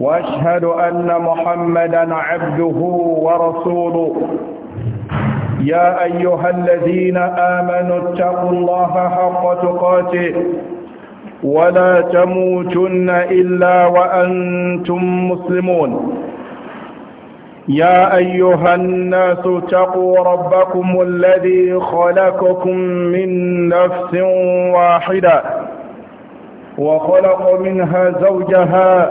واشهد ان محمدا عبده ورسوله يا ايها الذين امنوا اتقوا الله حق تقاته ولا تموتن الا وانتم مسلمون يا ايها الناس اتقوا ربكم الذي خلقكم من نفس واحده وخلق منها زوجها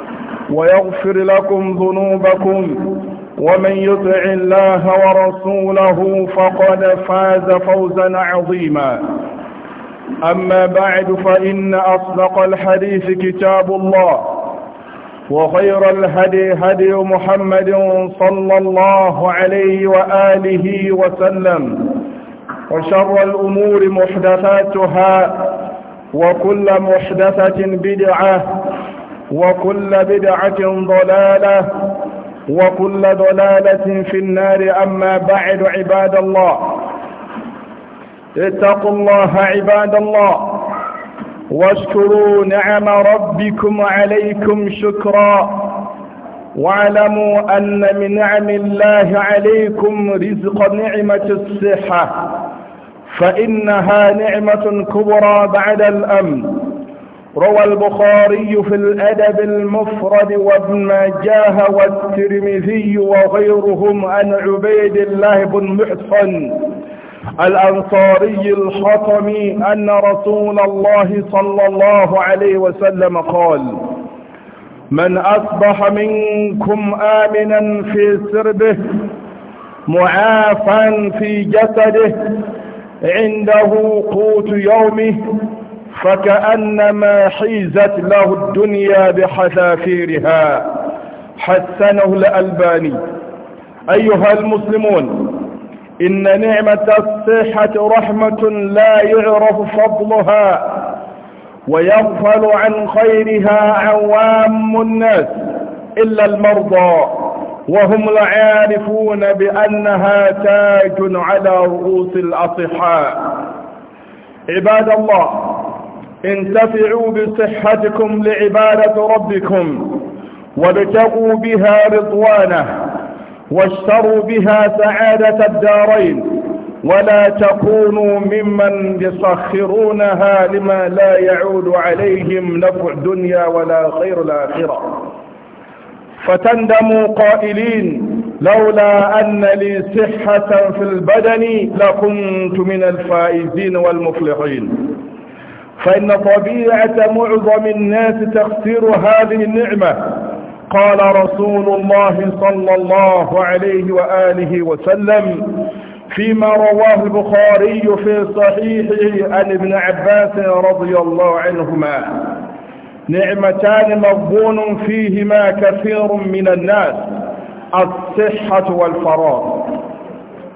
ويغفر لكم ذنوبكم ومن يطع الله ورسوله فقد فاز فوزا عظيما أما بعد فإن أصدق الحديث كتاب الله وخير الهدي هدي محمد صلى الله عليه وآله وسلم وشر الأمور محدثاتها وكل محدثة بدعة وكل بدعة ضلالة وكل ضلالة في النار أما بعد عباد الله اتقوا الله عباد الله واشكروا نعم ربكم عليكم شكرا واعلموا أن من نعم الله عليكم رزق نعمة الصحة فإنها نعمة كبرى بعد الأمن روى البخاري في الأدب المفرد وابن ماجه والترمذي وغيرهم عن عبيد الله بن محصن الأنصاري الحطمي أن رسول الله صلى الله عليه وسلم قال من أصبح منكم آمنا في سربه معافا في جسده عنده قوت يومه فكأنما حيزت له الدنيا بحذافيرها حسنه الألباني أيها المسلمون إن نعمة الصحة رحمة لا يعرف فضلها ويغفل عن خيرها عوام الناس إلا المرضى وهم العارفون بأنها تاج على رؤوس الأصحاء عباد الله انتفعوا بصحتكم لعبادة ربكم وابتغوا بها رضوانه واشتروا بها سعادة الدارين ولا تكونوا ممن يسخرونها لما لا يعود عليهم نفع الدنيا ولا خير الآخرة فتندموا قائلين لولا أن لي صحة في البدن لكنت من الفائزين والمفلحين فإن طبيعة معظم الناس تخسر هذه النعمة قال رسول الله صلى الله عليه وآله وسلم فيما رواه البخاري في صحيحه عن ابن عباس رضي الله عنهما نعمتان مضبون فيهما كثير من الناس الصحة والفراغ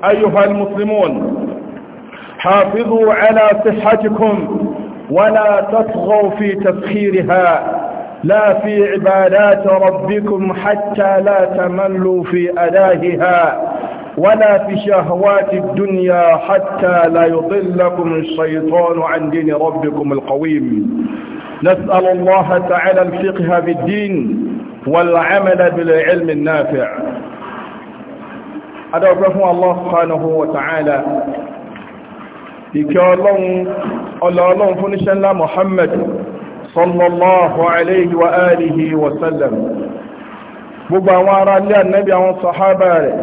أيها المسلمون حافظوا على صحتكم ولا تطغوا في تفخيرها لا في عبادات ربكم حتى لا تملوا في أداهها ولا في شهوات الدنيا حتى لا يضلكم الشيطان عن دين ربكم القويم نسأل الله تعالى الفقه بالدين والعمل بالعلم النافع أدعو الله سبحانه وتعالى ìkẹ́ ọlọ́run ọlọ́run fún níṣẹ́ ńlá Muhammad sallallahu alayhi wa alihi wa sallam gbogbo àwọn ará ilé ànábì àwọn sàhábà rẹ̀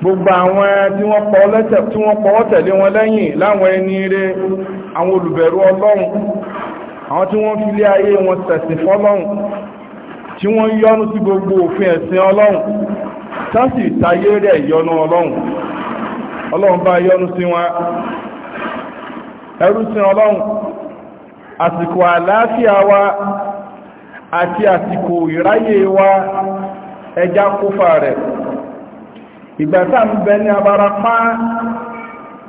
gbogbo àwọn tí wọ́n pọ̀wọ́ tẹ̀lé wọn lẹ́yìn láwọn ẹni rẹ̀ àwọn olùbẹ̀rù ọlọ́run àwọn tí wọ́n fi lé ayé wọn ṣẹ̀sìn fọ́lọ́run tí wọ́n yọ́nú sí gbogbo òfin ẹ̀sìn ọlọ́run tásì tayé rẹ̀ yọ́nú ọlọ́run ọlọ́run bá yọ́nú sí wọn ẹrúsìn ọlọ́run àsìkò àlàáfíà wa àti àsìkò ìráyè wa ẹjá kófà rẹ̀ ìgbàtà ń bẹ ní abarapá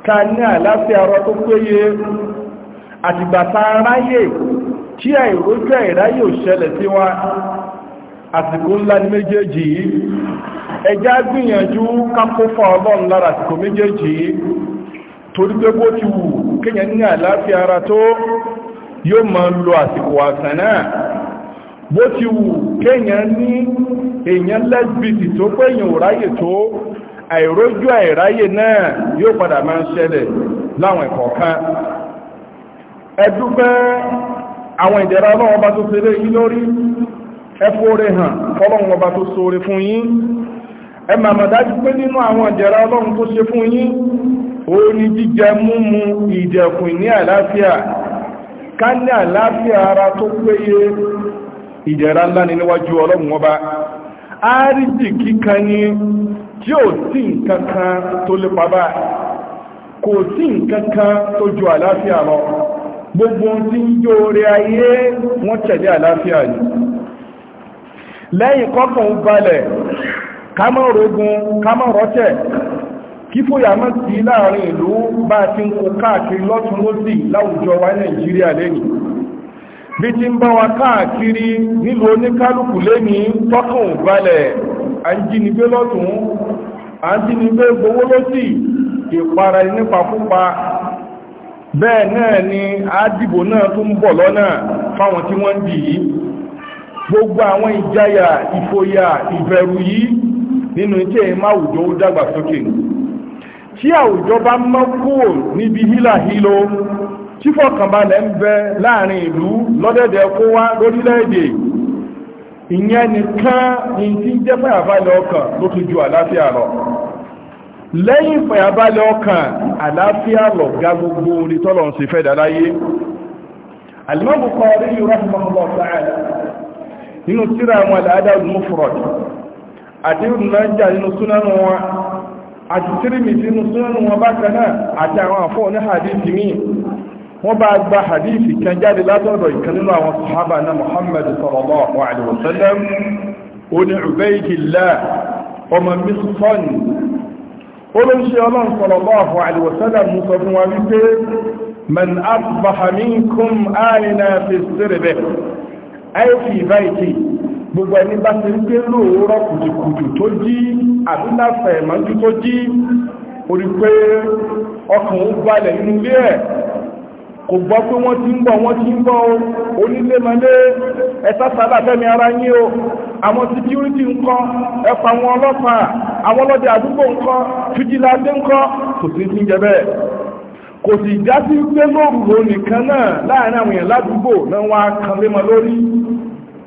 ká ní àlàáfíà rọ tó péye àtìgbàtà ráyè tí àìrójú àìráyè ò ṣẹlẹ̀ sí wa àsìkò ńlá ní méjèèjì yìí ẹjá gbìyànjú ká kófà ọlọ́run lára àsìkò méjèèjì yìí torí pé bó ti wù kíyàn ní àláfíà ara tó yóò máa lo àsìkò àsàn náà bó ti wù kíyàn ní èèyàn lẹ́sbìtì tó pé èèyàn òráyè tó àìrójú àìráyè náà yóò padà máa ń ṣẹlẹ̀ láwọn ẹ̀kọ̀ kan ẹdúpẹ́ àwọn ìdẹ̀ra ọlọ́run ọba dájú pé nínú àwọn ìdẹ̀ra ọlọ́run tó ṣe fún yín orí jíjẹ múmu ìjẹ̀kùn ní àlàáfíà ká ní àlàáfíà ara tó péye ìjẹ̀ra ńlá ni níwájú ọlọ́run ọba áríjì kíkan ni tí ò sí nǹkan kan tó lépa bá kò sí nǹkan kan tó ju àlàáfíà lọ gbogbo tí ń jó orí ayé wọ́n tẹ̀lé àlàáfíà ni lẹ́yìn kọ́kàn balẹ̀ ká má rọ́tẹ̀ kífòyà mọ́ sí láàrin ìlú bá ti ń kó káàkiri lọ́tún lósì láwùjọ wa nàìjíríà lẹ́yìn bí ti ń bá wa káàkiri nílùú oníkálùkù lẹ́yìn tọ́kàn balẹ̀ àjínigbé lọ́tún àjínigbé gbowó lósì ìpara nípakúpa bẹ́ẹ̀ náà ni àdìbò náà tó ń bọ̀ lọ́nà fáwọn tí wọ́n ń dì yìí gbogbo àwọn ìjáyà ìfòyà ìbẹ̀rù yìí nínú iṣẹ́ máwùjọ ó dàgbàsókè nù tí àwùjọ bá mọ́ kúrò níbi chifọ tí fọ̀kànbalẹ̀ ń bẹ láàrin ìlú lọ́dẹ̀dẹ̀ kó wá lórílẹ̀-èdè ìyẹn nìkan ní ọkàn ló tún ju àláfíà lọ lẹ́yìn fàyàbalẹ̀ ọkàn àláfíà lọ ga gbogbo orí tọ́lọ̀ àti nínú wọn àti tírímìtì nínú súnánù wọn bákan náà àti àwọn àfọ́ ní hadithi míì wọ́n bá gba hadithi kan jáde látọ̀dọ̀ ìkan nínú àwọn sahaba na muhammad sallallahu alaihi wasallam oní ubaydillah ọmọ misfon olóńṣe ọlọ́run sallallahu alaihi wasallam mú sọ fún wa wípé man asbaha minkum alina fi sirbe ay fi bayti àdúláfẹ̀ mọ́jú tó jí orí pé ọkàn ó balẹ̀ inú ilé ẹ̀ kò gbọ́ pé wọ́n ti ń bọ̀ wọ́n ti ń bọ̀ onílé mọ́lé ẹ̀sásàdà fẹ́mi ara yín o àwọn security ńkọ́ ẹ̀fà àwọn ọlọ́pàá àwọn ọlọ́dẹ àdúgbò ńkọ́ fìjìláńdé ńkọ́ kò sí ti ń jẹ kò sì já sí pé lóòrùn nìkan náà láàrin àwọn ládùúgbò náà wá kan lé mọ lórí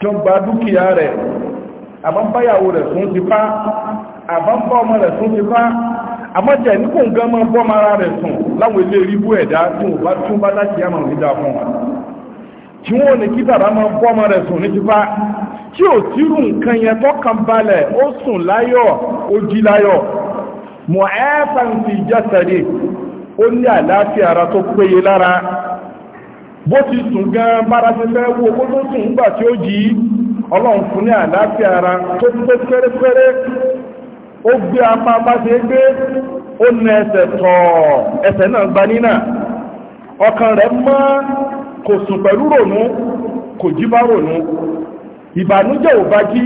jọba dúkìá rẹ̀ àmọ́ rẹ̀ fún ti pa àbábọ́ ọmọ rẹ̀ tún ti bá àmọ́jẹ̀ ní kò mọ́ bọ́ mara rẹ̀ sùn láwọn ilé rí ẹ̀dá tí wọ́n bá tún bá láti yàmà òní dá fún wọn tí wọ́n ní kí bàbá mọ́ bọ́ mọ́ rẹ̀ sùn ní ti bá tí ò tírù nǹkan yẹn tọ́kàn balẹ̀ ó sùn láyọ̀ ó jí láyọ̀ mọ̀ ẹ́ fàǹtì ó ní àlàáfíà ara tó péye lára bó ti sùn gan bára ti fẹ́ wo ó gbé apá bá ṣe gbé ó nà ẹsẹ̀ tọ̀ ẹsẹ̀ náà gba nínà ọkàn rẹ̀ mọ́ kò sùn pẹ̀lú rònú kò jí bá rònú ìbànújẹ́ ò bá jí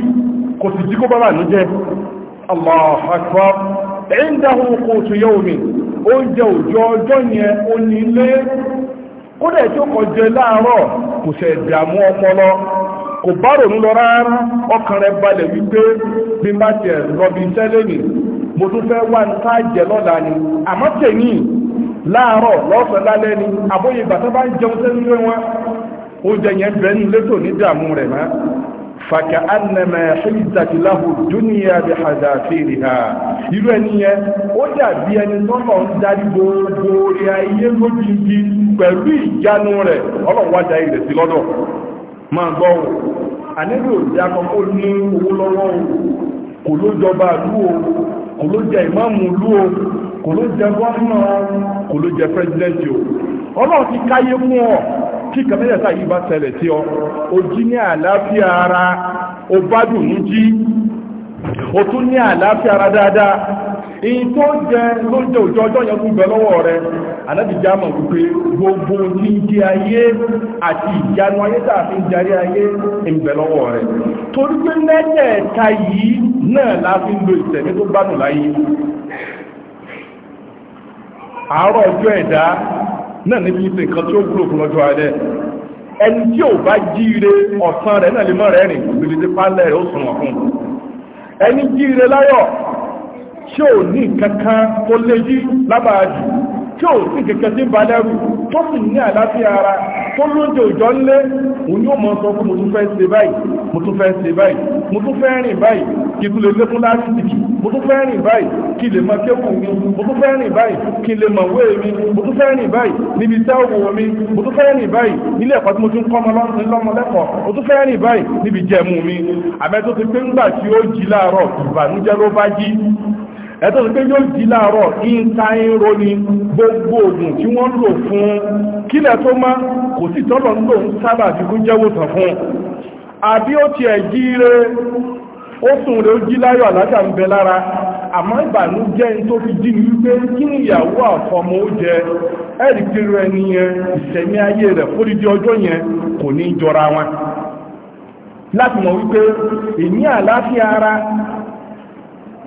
kò sì jí kó bá bànújẹ́ oúnjẹ ọjọ́ kódẹ̀ tí ó kọjẹ láàárọ̀ kò sẹ̀ dàmú ọpọlọ kò bá rònú lọ rárá ọkàn rẹ̀ balẹ̀ wípé bí má tiẹ̀ lọ́bi iṣẹ́ lẹ́nìí mo tún fẹ́ wá ní jẹ lọ́la ni àmọ́ láàárọ̀ lọ́sọ̀ lálẹ́ ni àbóyè bàtà bá ń jẹun sẹ́nu wọn yẹn bẹ́ẹ̀ ní ní dààmú fàkà bí ó dàbí ẹni tọ́lọ̀ ń darí gbogbo ayé lójijì pẹ̀lú ìjánu rẹ̀ máa gbọ́ ò àníbì òjì akọ́kọ́ ní owó lọ́wọ́ ò kò ló jọba ìlú o kò ló jẹ ìmáàmù ìlú o kò ló jẹ gómìnà kò ló jẹ pírẹsidẹ́ntì o ọlọ́run ti káyé fún ọ kí kàmẹ́yàtà yìí bá ṣẹlẹ̀ sí ọ o jí ní àlàáfíà ara o bá dùn ún jí o tún ní àlàáfíà ara dáadáa èyí tó jẹ ló jẹ òjò ọjọ́ yẹn fún bẹ lọ́wọ́ rẹ anábìjá mọ̀ wípé gbogbo ní ayé àti ìjánu ayé tààfin jarí ayé ń bẹ lọ́wọ́ rẹ torí pé yìí náà láti ń lo ìtẹ̀mí tó láyé àárọ̀ ọjọ́ ẹ̀dá náà ìsìn tí ó fún ọjọ́ alẹ́ ẹni tí ò tí ò ní kankan tó lé yí lábàájì tí ò sí kẹ̀kẹ́ tí bá tó sì ní àlàáfíà ara tó lóúnjẹ òjò ńlé òun yóò mọ̀ sọ fún mo ṣe báyìí mo rìn báyìí kí lè lékún láti tìkì mo rìn báyìí kí lè mọ kéwù mi mo tún fẹ́ rìn báyìí kí lè mọ wé mi mo tún fẹ́ rìn báyìí níbi iṣẹ́ òwò mi mo tún fẹ́ rìn báyìí nílé ẹ̀kọ́ tí mo tún kọ́ ọmọ lẹ́kọ̀ọ́ mo tún fẹ́ rìn báyìí níbi jẹ̀mú mi àbẹ́tó ẹ̀tọ́ sí pé yóò jí láàárọ̀ ìta ìrò ni gbogbo oògùn tí wọ́n lò fún kílẹ̀ tó má kò sí tọ́lọ̀ ń lò ń sábà fi kú jẹ́wòsàn fún àbí ó ti ẹ̀jí ire ó sùn rẹ̀ ó jí láyọ̀ fi ní wípé kí ni ìyàwó àfọmọ́ ó jẹ ẹ̀rì kiri ẹni yẹn ìṣẹ̀mí ayé rẹ̀ fódìdí ọjọ́ yẹn kò ní jọra wọn láti ara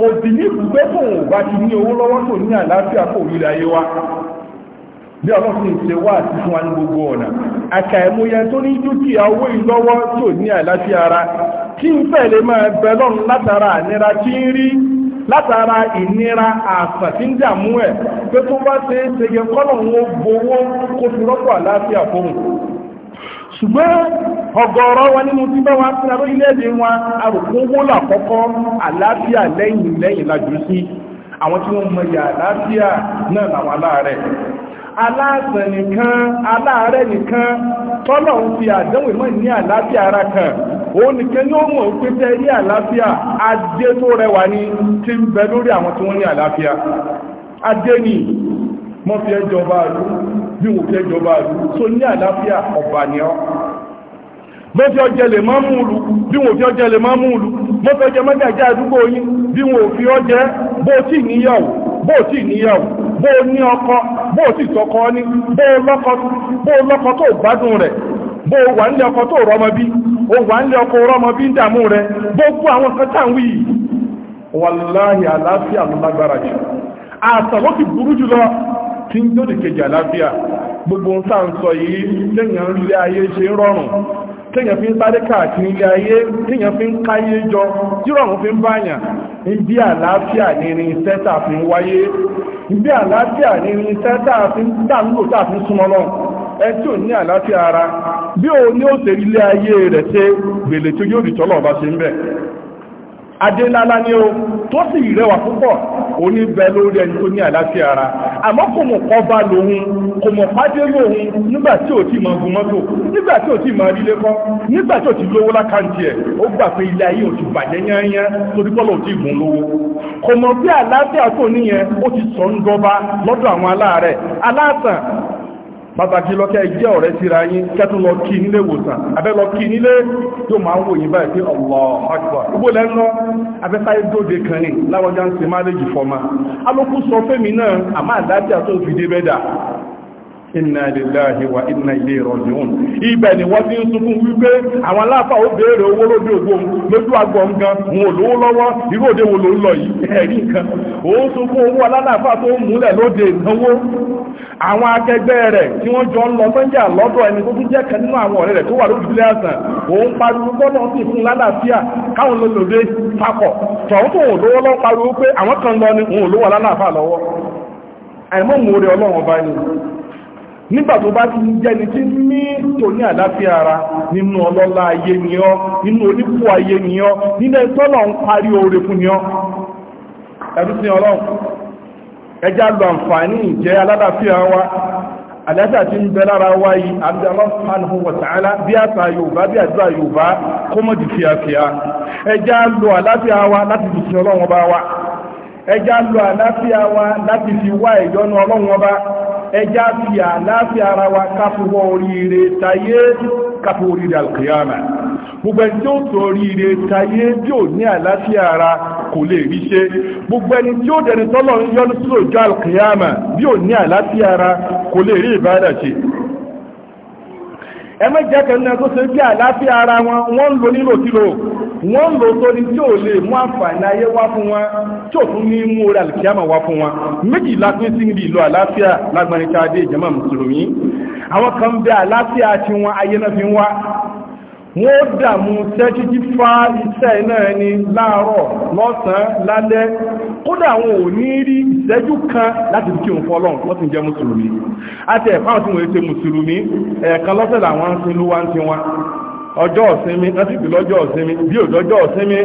kò sì ní ibùgbé fún òwúgbà ti ní owó lọ́wọ́ tó ní àlàáfíà kò rí ayé wa bí ọlọ́sìn ṣe wà àti fún wa ní gbogbo ọ̀nà àkà ìmúyẹ tó ní dúkìá owó ìlọ́wọ́ tó ní àlàáfíà ara kí n fẹ́ lè máa bẹ lọ́run látara ànira tí ń rí látara ìnira àsàn tí ń dààmú ẹ̀ pé tó bá ṣe é ṣe yẹ kọ́lọ̀ ń gbowó kó fi rọ́pò àlàáfíà fóun ṣùgbọ́n ọ̀gọ̀ọ̀rọ̀ wọn nínú tí bá wọn fúnra lórílẹ̀-èdè wọn arùkún wó làkọ́kọ́ àlàáfíà lẹ́yìn lẹ́yìn lájú sí àwọn tí wọ́n mọ̀ yà àlàáfíà náà làwọn aláàrẹ̀ aláàsàn nìkan aláàrẹ̀ nìkan tọ́lọ̀ ń fi àdánwò mọ́ ní àlàáfíà ara kan òun nìkan ni ó mọ̀ pé tẹ́ ní àlàáfíà ajé tó rẹwà ní ti ń bẹ lórí àwọn tí wọ́n ní àlàáfíà ajé ni mọ́ fi ẹjọba àlú bí wò fi ẹjọba àlú tó ní àlàáfíà ọ̀bàníọ́ mo fi ọjẹ lè máa mú ìlú bí wọ́n fi ọjẹ lè máa mú ìlú mo fi ọjẹ àdúgbò bí wọ́n fi ọjẹ bó níyàwó bó níyàwó bó ní ọkọ bó tọkọ ní bó lọ́kọ tó gbádùn rẹ̀ bó wà ní ọkọ tó rọmọ bí wà ọkọ rọmọ bí ń dààmú gbogbo àwọn kan tá ń wí jù àtàwọn ti jùlọ tí ń gbogbo ń ń kíyàn fi ń sáré káàkiri ilé ayé kíyàn fi ń káyé jọ jírọ̀rùn fi ń báyàn ibi àlàáfíà ní irin sẹ́tà fi ń wáyé ibi àlàáfíà ní irin sẹ́tà fi ń dàlúgbò tà fi ń súnmọ́ lọ ẹ tí ò ní àlàáfíà ara bí o ní ó ilé ayé rẹ̀ ṣe gbèlè tó yóò rí ọba ṣe ń bẹ̀ adélálá ní o tó sì rẹwà púpọ̀ òní bẹ lórí ẹni tó ní àlàáfíà ara àmọ́ kò mọ̀ kọ́ bá lòun kò mọ̀ pàdé lòun nígbà tí ò tí mọ gun mọ́tò nígbà tí ò tí mọ ilé kọ́ nígbà tí ò tí lówó lákàntì ẹ̀ ó gbà pé ilé ayé ò ti bàjẹ́ yányán torí bọ́lá ò tí gùn lówó kò mọ̀ bí àlàáfíà tó níyẹn ó ti sọ ń dọ́ba lọ́dọ̀ àwọn aláàárẹ̀ aláàtàn pàtàkì lọ́kẹ́ jẹ́ ọ̀rẹ́ síra yín kẹ́tù lọ kí nílé wòsàn abẹ́ lọ kí nílé yóò máa ń wò yín báyìí pé Allahu Akbar gbogbo lẹ́nà abẹ́sáyé dóde kan ní láwọjá ń ṣe máa lè jì fọ́mà alókù sọ fẹ́mi náà àmá àdájà tó fi dé bẹ́dà inna lillahi wa inna ilayhi raji'un ibẹ̀ ni wọ́n ti ń wípé àwọn aláfà béèrè owó lóde ògbóhùn lójú agbọ̀n gan lọ́wọ́ wo ló ń lọ yìí ẹ̀rí nǹkan ó sunkún owó aláfà tó àwọn tí wọ́n jọ ń lọ lọ́dọ̀ ẹni tó tún kan nínú àwọn ọ̀rẹ́ rẹ̀ tó wà nígbà ó bá ti jẹ́ni tí ní tò ní àdáfíà ara nínú ọlọ́lá ayé ni ọ́ nínú onípò ayé ni ọ́ nílẹ̀ tọ́lọ̀ ń parí oore fún ni ọ́ ẹ̀rú sí ọlọ́run ẹjá lọ àǹfààní ìjẹ́ aládàáfíà wa ń bẹ lára wa yìí fi sin ọba wa ẹjá lọ wa fi wá ọlọ́run ọba ẹjá fi àláfíà ara wa káfíwọ́ oríire tayé káfí oríire alkiyama gbogbo ẹni tí ó tó oríire tayé tí ò ní àláfíà ara kò lè rí ṣe gbogbo ẹni tí ó dẹni tọ́lọ̀ ń sí òjò alkiyama bí ò ní àláfíà ara kò lè rí ìbádà ṣe ẹmọ jẹ́kẹ̀ ní ẹkọ́ sí pé àláfíà ara wọn wọ́n ń lò nílò kílò wọ́n ń lò tó ní tí ò lè mú àǹfààní ayé wá fún wọn tí ò tún ní mú orí alìkíyàmà wá fún wọn méjì lápín sí níbi ìlú àláfíà lágbàrin káàdé ìjẹ́mà mùsùlùmí àwọn kan bẹ àláfíà tí wọn ayé náà fi ń wá wọ́n dàmú tẹ́jú jí fá iṣẹ́ iná ẹni láàárọ̀ lọ́sàn-án lálẹ́ kódà àwọn ò ní rí ìṣẹ́jú kan láti kí òun fọ́lọ́n wọ́n ti jẹ́ mùsùlùmí àti ẹ̀fáwọn tí wọ́n ṣe mùsùlùmí ẹ̀ẹ̀kan lọ́sẹ̀ làwọn ń sin lúwa ń sin wọn ọjọ́ ọ̀sinmi láti pè lọ́jọ́ ọ̀sinmi bí òjọ́jọ́ ọ̀sinmi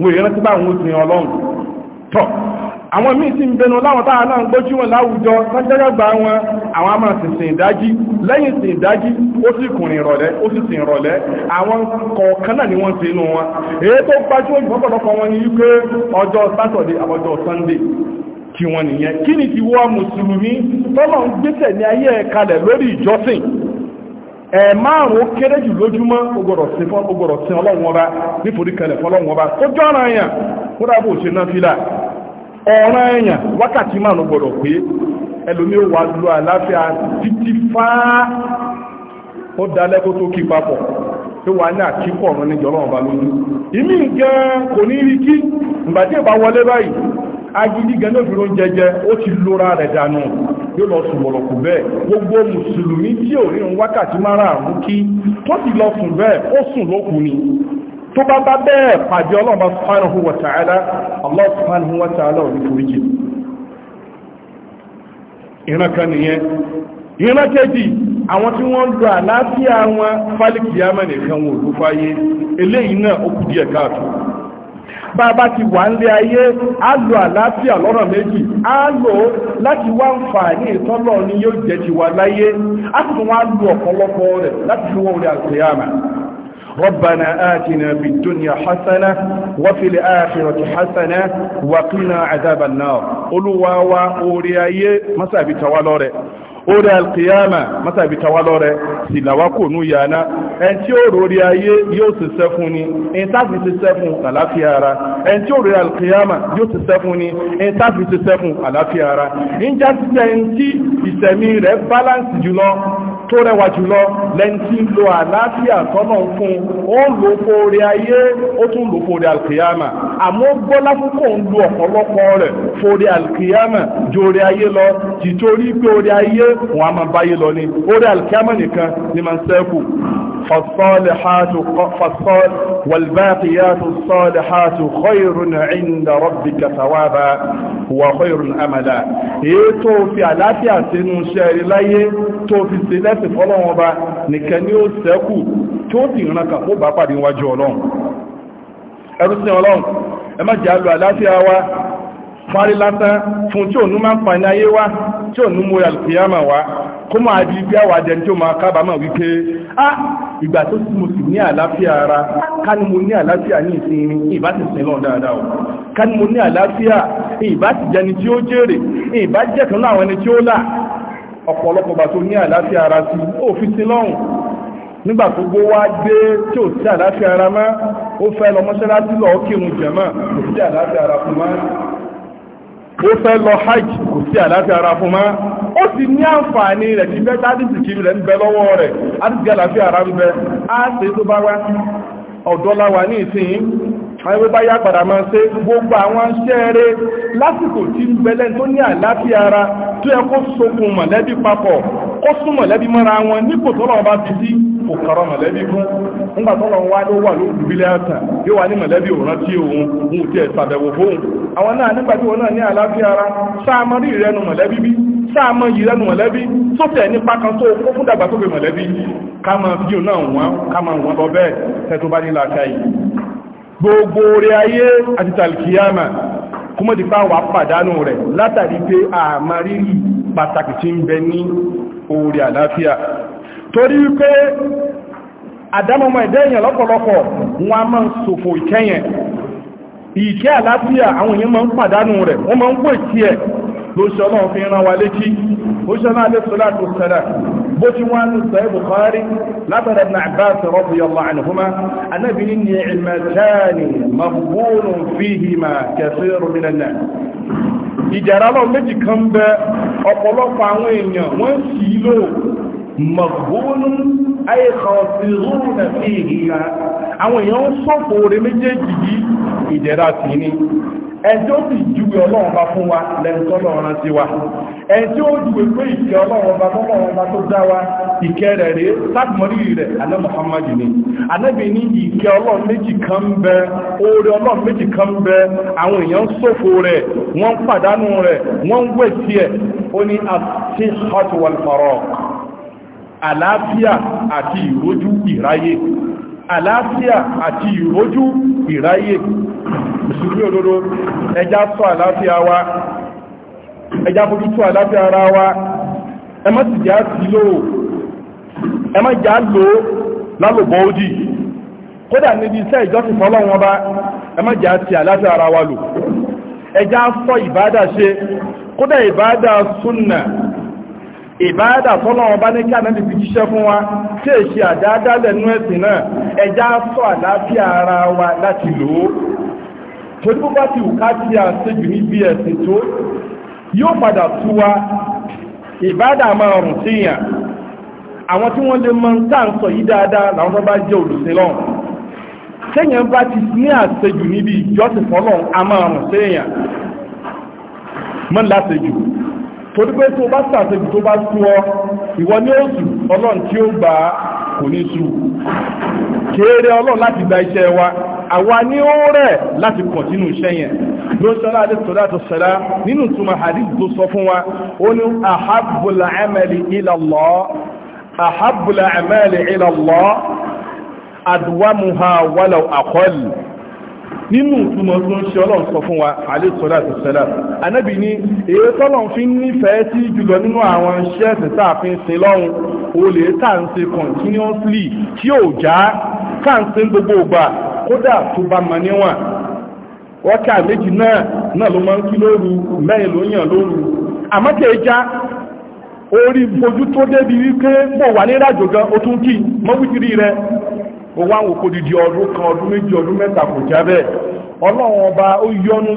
wọ́n ìrántí bá àwọn òsìn ọlọ́run tọ́ àwọn míì sì ń bẹnu láwọn táwọn náà ń gbójú wọn láwùjọ sọ́jọ́gbà wọn àwọn àmà sì sìn ìdájí lẹ́yìn sìn ìdájí ó sì kùnrin ìrọ̀lẹ́ ó sì sìn ìrọ̀lẹ́ àwọn kọ̀ọ̀kan náà ni wọ́n ti inú wọn èyí tó gbájú ìfọ́pọ̀lọpọ̀ wọn ni wípé ọjọ́ sátọ̀dé àbọ̀jọ́ sunday kí wọ́n nìyẹn kí ni ti wọ́n mùsùlùmí tọ́lọ̀ ń gbésẹ̀ ní ayé ẹ̀ kalẹ̀ lórí ìjọsìn ẹ̀ márùn-ún kéré jù lójúmọ́ ogọ̀rọ̀ sin ọlọ́run ọba nítorí kalẹ̀ fọlọ́run ọba tó jọ́ra yàn kódà bó ṣe náà fílà ọ̀rọ̀ ẹ̀yà wákàtí ma gbọ́dọ̀ pé ẹlòmí ó wà lọ àláfíà títí fáá ó dalẹ́kó tó kí papọ̀ tó wà ní àkíkọ̀ ọ̀run ní jọlọ́ ọba lójú ìmí gan kò ní rí kí ìgbàtí ìbá wọlé báyìí agidi gan ló jẹjẹ ti lóra rẹ̀ dànù yóò lọ sùn bẹ́ẹ̀ gbogbo mùsùlùmí tí ò wákàtí kí tó ti lọ sùn tó bá bá bẹ́ẹ̀ pàdé ọlọ́ọ̀bá subhanahu wa ta'ala Allah ta'ala kan àwọn tí wọ́n àlàáfíà wọn bàbá ti wà ń lé ayé á lò àlàáfíà lọ́rọ̀ méjì lò láti wá ń fà ní ìtọ́lọ̀ wà láyé tún wá lò láti fi ربنا آتنا في الدنيا حسنة وفي الآخرة حسنة وقنا عذاب النار قلوا وأورياي مسا بتوالوري orí alkiyama mata ibi tawalọ rẹ̀ sì làwákò ní yana ẹn tí ó rórí ayé yóò ti sẹ́fún ni ẹn tàbí ti sẹ́fún àláfíà ara ẹn tí ó rórí alkiyama yóò ti sẹ́fún ni ẹn ti sẹ́fún àláfíà ara ń já sí tí ìsẹ̀mí rẹ̀ balance jùlọ tó rẹwà jùlọ lẹ́ntí lo àlàáfíà tọ́nà fún ó lò fóore ayé ó tún lò fóore alkiyama àmọ́ gbọ́lá púpọ̀ ń lo ọ̀pọ̀lọpọ̀ rẹ̀ fóore alkiyama ju oore ayé lọ jìtorí pé oore ayé wọn a máa báyé lọ ni oore alkiyama nìkan ni máa ń sẹ́kù فالصالحات فالصال والباقيات الصالحات خير عند ربك ثوابا وخير املا ايه tó fi àlàáfíà sínú iṣẹ́ rí láyé tó fi sílẹ̀ jọ́sìn fọ́lọ́wọ́n ọba nìkan ni ó sẹ́kù tí ó sì ràn kàn fún bá pàdé wájú ọlọ́run ẹrú sí ọlọ́run ẹ má jẹ́ àlò àlàáfíà wa fárí lásán fún tí òun máa ń pa ní ayé wa tí òun mú alkiyama wa kó máa di bí àwọn àjẹni tí ó máa kábàámọ̀ wípé á ìgbà tó sì mo sì ní àlàáfíà ara ká ní mo ní àlàáfíà ní ìsinmi ìbá ti dáadáa o ká ní mo ní àlàáfíà ìbá tí ó jèrè ìbá jẹ́ kan ẹni tí ó là ọ̀pọ̀lọpọ̀ bá tó ní ara ti òfin lọ́hùn nígbà tó gbó wá dé tí ò ara mọ́ ó fẹ́ lọ mọ́ṣáláṣí lọ kírun jẹ̀mọ́ kò sí ara fún ó lọ hajj kò sí ara fún mọ́ ó ní àǹfààní rẹ̀ kí tádìsì kiri rẹ̀ ti ara ń bẹ á tó ní ìsìn àwọn ẹgbẹ́ bá yá padà máa ṣe gbogbo àwọn ṣẹ́ẹ̀rẹ́ lásìkò tí ń bẹ̀lẹ̀ tó ní àlàáfíà ara tó yẹ kó sokùn mọ̀lẹ́bí papọ̀ kó sún mọ̀lẹ́bí mọ́ra wọn nípò tọ́lọ̀ bá fi sí òkàrọ̀ mọ̀lẹ́bí fún nígbà tọ́lọ̀ wá ló wà ló dùbílẹ̀ àtà yóò wà ní mọ̀lẹ́bí òun rántí òun òun ti ẹ̀sàbẹ̀wò fóun àwọn náà nígbàtí wọn náà ní àlàáfíà ara sáàmọ́ rí ìrẹnu mọ̀lẹ́bí bí sáàmọ́ yìí rẹnu mọ̀lẹ́bí tó tẹ̀ nípa kan tó kó fún dàgbàsókè mọ̀lẹ́bí ká máa fíò náà wọ́n ká máa wọ́n lọ bẹ́ẹ̀ tẹ́ tó bá nílà káyìí gbogbo orí ayé àti tàlkìyàmà kúmọ̀ ti pàwà pàdánù rẹ̀ látàrí pé àmàrírí pàtàkì tí ń bẹ ní orí àlàáfíà torí wípé àdámọ́mọ́ ẹ̀dẹ́ èèyàn lọ́pọ̀lọpọ̀ wọn a máa ń ṣòfò ìkẹyẹn ìkẹ́ àlàáfíà àwọn èèyàn máa ń pàdánù rẹ̀ wọ́n máa ń pè tí ẹ̀ lóṣọ́lọ́ fi ran wa létí ó alẹ́sọ́lá tó sẹ́lẹ̀ bó ti wá ní sọ́yẹ́ Bukhari látara ibn Abbas radiyallahu anhuma anábì ní ní ìmẹ̀tẹ́ni magbóòrùn fíhìmà kẹsìrò nílẹ̀ ìjàrá lọ méjì kan bẹ ọ̀pọ̀lọpọ̀ àwọn èèyàn wọ́n sì lò magbóòrùn ayẹ́kọ̀ọ́sìrún fíhìmà àwọn èèyàn sọ́fò rẹ̀ méjèèjì yìí ìjàrá sí ni ẹni tó sì júwe ọlọ́run bá fún wa lẹ́nu tọ́lọ̀ ọ̀ràn sí wa ẹni tí ó júwe pé ìkẹ́ ọlọ́run bá tọ́lọ́run bá tó dá wa ìkẹ́ rẹ̀ rẹ̀ lágbọ̀nrí rẹ̀ alẹ́ muhammadu ni anábì ní ìkẹ́ ọlọ́run méjì kan bẹ oore ọlọ́run méjì kan bẹ àwọn èèyàn ṣòfò rẹ̀ wọ́n pàdánù rẹ̀ wọ́n wẹ̀ sí ẹ̀ ó ní àti hot wal farọ́ àlàáfíà àti ìrójú ìráyè àlàáfíà àti ìrójú ìráyè mùsùlùmí òdodo ẹjá sọ àlàáfíà wa ẹjá fojú tó àlàáfíà ara wa ẹ má sì já sí lò ẹ má já lò lálòbọ́ òdì kódà níbi iṣẹ́ ìjọsìn fọ́lọ́wọ́n bá ẹ má já sí àlàáfíà ara wa lò ẹjá sọ ìbádà ṣe kódà ìbádà súnnà ìbáadà tọ́lọ́wọ́ bá ní kí ànábì fi jíṣẹ́ fún wa tí è ṣe àdáadáa lẹ́nu ẹ̀sìn náà ẹjá sọ àlàáfíà ara wa láti lòó torí bó bá ti wù ká tí a ṣéjù níbi ẹ̀sìn tó yóò padà tú wa ìbádà máa rùn sí yàn àwọn tí wọ́n lè mọ́ tá ń sọ yí dáadáa làwọn tó bá jẹ́ olùsìn lọ́n sẹ́yìn bá ti ní àṣejù níbi ìjọsìn fọ́lọ́n a máa rùn sí yàn mọ́ láṣejù torí pé tó bá ṣàṣejù tó bá sú ọ ìwọ ní oṣù ọlọ́run tí ó gbà kò ní sú kéré ọlọ́run láti gba iṣẹ́ wa àwa ní ó rẹ̀ láti pọ̀ sínú iṣẹ́ yẹn ló sọ́lá àti sọ́lá tó sọ́lá nínú túnmọ̀ hadith tó sọ fún wa ó ní ahabbul amali ila Allah ahabbul amali ila Allah adwamuha walau aqall nínú ìtumọ̀ tó ń ṣe ọlọ́run sọ fún wa àlẹ́sọ́lá àtẹ̀sẹ́lá anábì ní èyí tọ́lọ́run fi ń nífẹ̀ẹ́ sí jùlọ nínú àwọn iṣẹ́ ẹ̀sìn tá a lọ́run o lè tà continuously tí ò já tá gbogbo ògbà kódà tó bá ma níwọ̀n wákà méjì náà náà ló máa ń kí lóru mẹ́rin ló yàn lóru àmọ́kẹ́ ẹja orí fojú tó débi wípé mọ̀ wà ní ìrìnàjò gan o tún kí rẹ o wá wò ọdún kan ọdún méjì ọdún mẹ́ta kò já ọba ó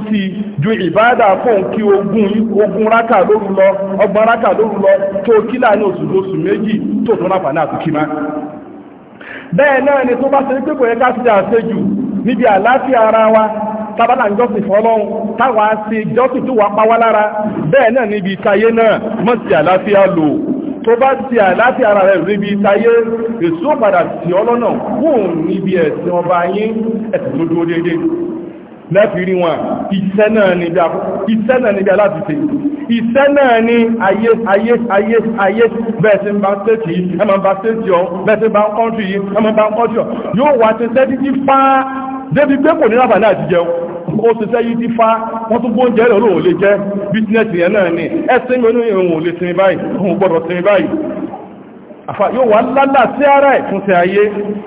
sí ju ìbáàdà fún kí ogun ogún rákà lóru lọ ọgbọ̀n rákà lóru lọ tó kí láàrin oṣù lóṣù méjì tó náà tó kí bẹ́ẹ̀ náà ni tó bá ṣe pé kò yẹ ká ṣe àṣejù níbi àlàáfíà ara wa tábàlà ń jọ́sìn fọ́lọ́hun táwa ṣe jọ́sìn tó wà pàwá lára bẹ́ẹ̀ náà níbi ìtayé náà mọ́ sí àlàáfíà lò tó bá ti àlàáfíà ara rẹ̀ ríbi ìtayé èso padà sí ọlọ́nà kúrò níbi ẹ̀sìn ọba yín ẹ̀sìn tó dúró déédéé láti rí wọn iṣẹ́ náà ni bí aláàfíṣe iṣẹ́ náà ni ayé ayé ayé ayé bẹ́ẹ̀sí ń bá stéètì yìí ẹmọ bá stéètì ọ bẹ́ẹ̀sí bá ń kọ́ntì yìí ẹmọ bá ń kọ́ntì ọ yóò wà ti sẹ́dí ti fá débi pé kò ní rábàdá àti jẹun ó ti sẹ́ yìí ti fá wọ́n tún bó ń jẹ́ lọ́rọ̀ ò lè jẹ́ bísínẹ́sì yẹn náà ni ẹ̀sìn mi ò ní àfà yóò wà lálà sí ara ẹ̀ fún ti ayé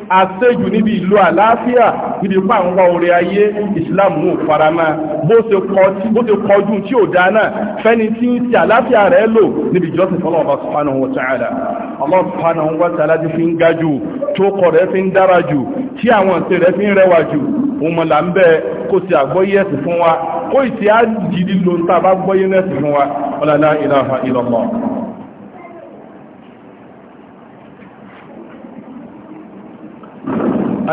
àṣejù níbi ìlú àlàáfíà níbi pa àwọn orí ayé islam mú fara máa bó ṣe kọjú tí ò dá náà fẹ́ni tí ń ti àlàáfíà rẹ̀ lò níbi ìjọsìn fọ́lọ́ọ̀bá subhanahu wa ta'ala Allah subhanahu wa ta'ala ti fi ń ga jù tó kọ̀ rẹ̀ fi ń dára jù tí àwọn ìṣe rẹ̀ fi ń rẹwà jù òun là ń bẹ́ kó ti àgbọ́yé ẹ̀sìn fún wa kó ìtì á jìdí lo ń tàbá gbọ́yé ẹ̀sìn fún wa ọlọ́lá ilaha illallah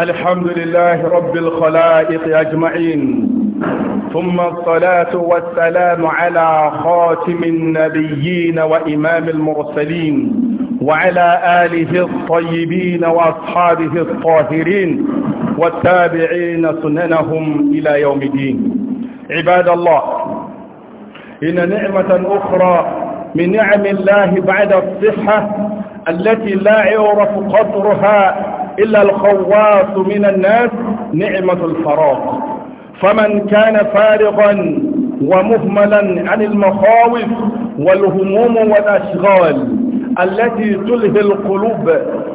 الحمد لله رب الخلائق أجمعين ثم الصلاة والسلام على خاتم النبيين وإمام المرسلين وعلى آله الطيبين وأصحابه الطاهرين والتابعين سننهم إلى يوم الدين عباد الله إن نعمة أخرى من نعم الله بعد الصحة التي لا يعرف قدرها إلا الخواص من الناس نعمة الفراغ فمن كان فارغا ومهملا عن المخاوف والهموم والأشغال التي تلهي القلوب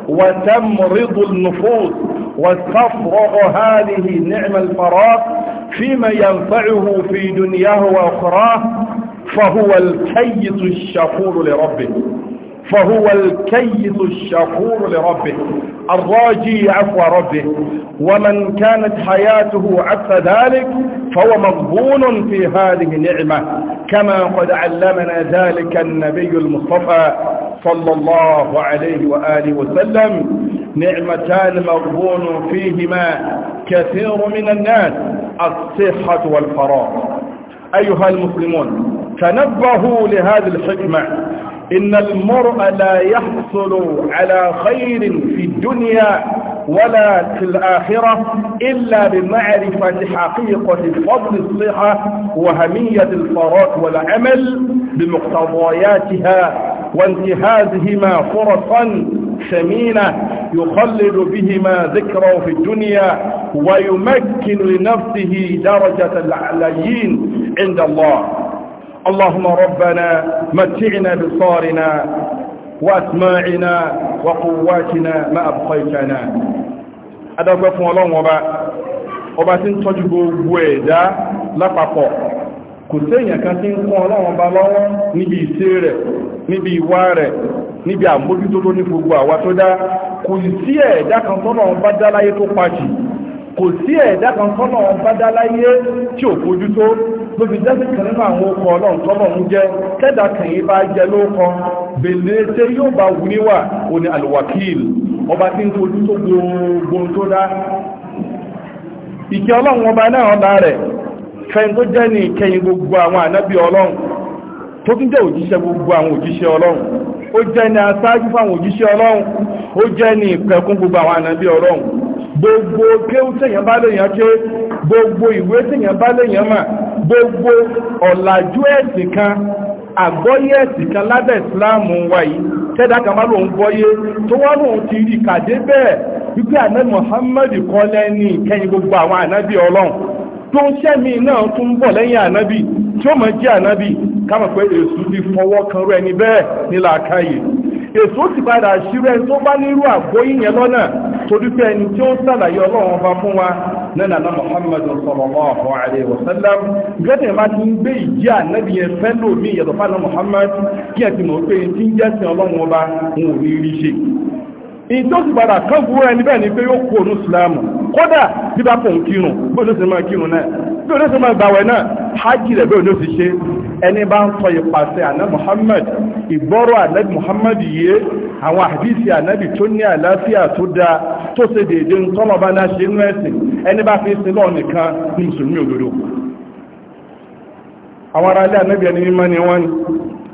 وتمرض النفوس وتفرغ هذه نعم الفراغ فيما ينفعه في دنياه وأخراه فهو الكيس الشكور لربه فهو الكيس الشكور لربه الراجي عفو ربه ومن كانت حياته عكس ذلك فهو مضبون في هذه النعمة كما قد علمنا ذلك النبي المصطفى صلى الله عليه وآله وسلم نعمتان مضبون فيهما كثير من الناس الصحة والفراغ أيها المسلمون تنبهوا لهذه الحكمة إن المرء لا يحصل على خير في الدنيا ولا في الآخرة إلا بمعرفة حقيقة فضل الصحة وهمية الفراغ والعمل بمقتضياتها وانتهازهما فرصا ثمينة يخلد بهما ذكره في الدنيا ويمكن لنفسه درجة العليين عند الله اللهم ربنا متعنا بصارنا وأسماعنا وقواتنا ما أبقيتنا أدعوك فún Ọlọ́run ọba ọba tí ń tọ́jú gbogbo ẹ̀dá lápapọ̀ kò séèyàn kan tí ń kún Ọlọ́run ọba lọ́wọ́ níbi ìṣe rẹ̀ kò sí ẹ̀dá kan tọ́lọ̀ ọba dáláyé tí ò fojú tó ló fi jẹ́ síkẹ̀ nínú àwọn okọ̀ ọlọ́run tọ́lọ̀ ń jẹ́ kẹ́dà kẹ̀yìn bá jẹ lóókọ bèlè tẹ́ yóò bá wù níwà òní alwakil ọba tí ń fojú tó gbogbo tó dá ìkẹ́ ọlọ́run ọba náà ọba rẹ̀ fẹ́yìn tó jẹ́ ní ìkẹyìn gbogbo àwọn ànábì ọlọ́run tó tún jẹ́ òjíṣẹ́ gbogbo àwọn òjíṣẹ́ ọlọ́run ó jẹ́ ní aṣáájú fáwọn òjíṣẹ́ ọlọ́run ó jẹ́ ní ìpẹ̀kún gbogbo àwọn gbogbo kéwú tèyàn bá lèyàn ké gbogbo ìwé tèyàn bá lèyàn mà gbogbo ọ̀làjú ẹ̀sìn kan àgbọ́yé ẹ̀sìn kan lábẹ́ ìsìláàmù wa yìí tẹ́dá lòun gbọ́yé tó wá lòun ti rí kàdé bẹ́ẹ̀ wípé ànábì Muhammad kọ́ lẹ́ni ìkẹyìn gbogbo àwọn ànábì ọlọ́run tó ń sẹ́mi náà tún ń bọ̀ lẹ́yìn ànábì tí ó mọ̀ jẹ́ ànábì káàmà pé èsù ti fọwọ́ kan rú ẹni bẹ́ẹ̀ nílà àkáyè èsù ó padà ṣírẹ́ tó bá nírú àgbóyìn yẹn lọ́nà torí pé ẹni tí ó sàlàyé ọlọ́run ọba fún wa lẹ́nà náà muhammadu sallallahu alaihi wasallam gẹ́gẹ́ máa ti ń gbé ìjí ànábì yẹn fẹ́lò ní ìyàtọ̀ fáànà muhammad kí ẹ ti mọ̀ pé tí ń jẹ́sìn ọlọ́run ọba ń ò ní rí ṣe ìjọsìn padà kan fún ẹni bẹ́ẹ̀ ni pé yóò kó òun ìsìlámù kódà bí bá fòun kírun bí oníṣẹ́ máa kírun náà bí oníṣẹ́ máa gbàwẹ̀ náà hajj rẹ̀ bí oníṣẹ́ ṣe ẹni bá ń sọ ìpàṣẹ àná Muhammad ìgbọ́rọ̀ ànábì Muhammad yìí àwọn àdìsí ànábì tó ní àlàáfíà tó dáa tó ṣe dèédé ń tọ́lọ̀ bá náà ṣe inú ẹ̀sìn ẹni bá fi sin lọ́ọ̀ nìkan ní mùsùlùmí òdodo àwọn ará ànábì ẹni mímọ́ ni wọ́n ni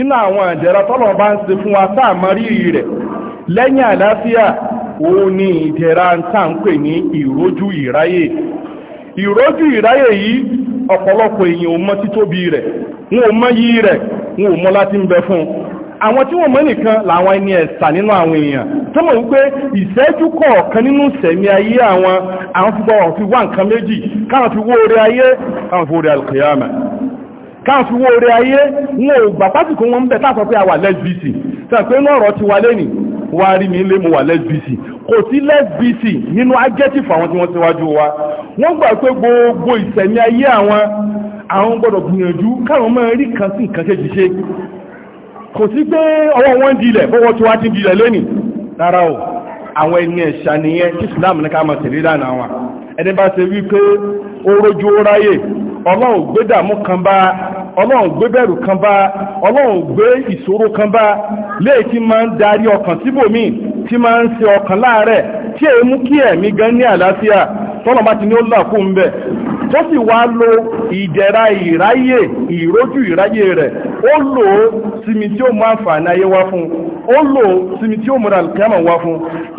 nínú àwọn ìdẹ̀ra tọ́lọ̀ bá ń se fún wa sáà mọ́ rírì rẹ̀ lẹ́yìn àlàáfíà ó ní ìdẹ̀ra tá ń pè ní ìrójú ìráyè ìrójú ìráyè yìí ọ̀pọ̀lọpọ̀ èèyàn ò mọ tóbi rẹ̀ wọn ò mọ yìí rẹ̀ wọn ò mọ láti ń bẹ fún àwọn tí wọ́n mọ̀ nìkan làwọn ẹni ẹ̀sà nínú àwọn èèyàn tó mọ̀ wípé ìṣẹ́jú kọ̀ọ̀kan nínú sẹ̀mí ayé àwọn àwọn fi gbọ́ ọ̀fi nǹkan méjì káwọn fi wó orí ayé káwọn fi wó orí alkiyama káàfiwó orí ayé wọn ò gbà pásìkò wọn ń bẹ pé a wà lẹ́sbìsì tàbí ní ọ̀rọ̀ ti wà lẹ́nì wà rí mi lé mo wà lẹ́sbìsì kò sí lẹ́sbìsì nínú ajẹ́tìfà àwọn tí wọ́n síwájú wa wọ́n gbà pé gbogbo ìsẹ̀mí ayé àwọn àwọn gbọ́dọ̀ gbìyànjú káwọn máa rí kan sí nǹkan kejì ṣe kò sí pé ọwọ́ wọn dilẹ̀ bọ́wọ́ tí wá ti dilẹ̀ lẹ́nì rárá o àwọn ẹni ẹ̀ṣà nìyẹn tí Islam ní ká máa tẹ̀lé dáná wọn ẹni bá ṣe wí pé ó rójú ó ráyè ọlọ́run gbé dàmú kan bá ọlọ́run gbé bẹ̀rù kan bá ọlọ́run gbé ìṣòro kan bá léè tí máa ń darí ọkàn síbòmí tí máa ń ṣe ọkàn láàárẹ̀ tí èyí mú kí ẹ̀mí gan ní àlàáfíà tọ́nà bá ti ní ó làkún ń bẹ̀ tó sì wá lo ìjẹ̀ra ìráyè ìrójú ìráyè rẹ̀ ó lò ó sinmi tí ó mú àǹfààní ayé wá fún ó lò ó sinmi tí ó múra alkiyama wá fún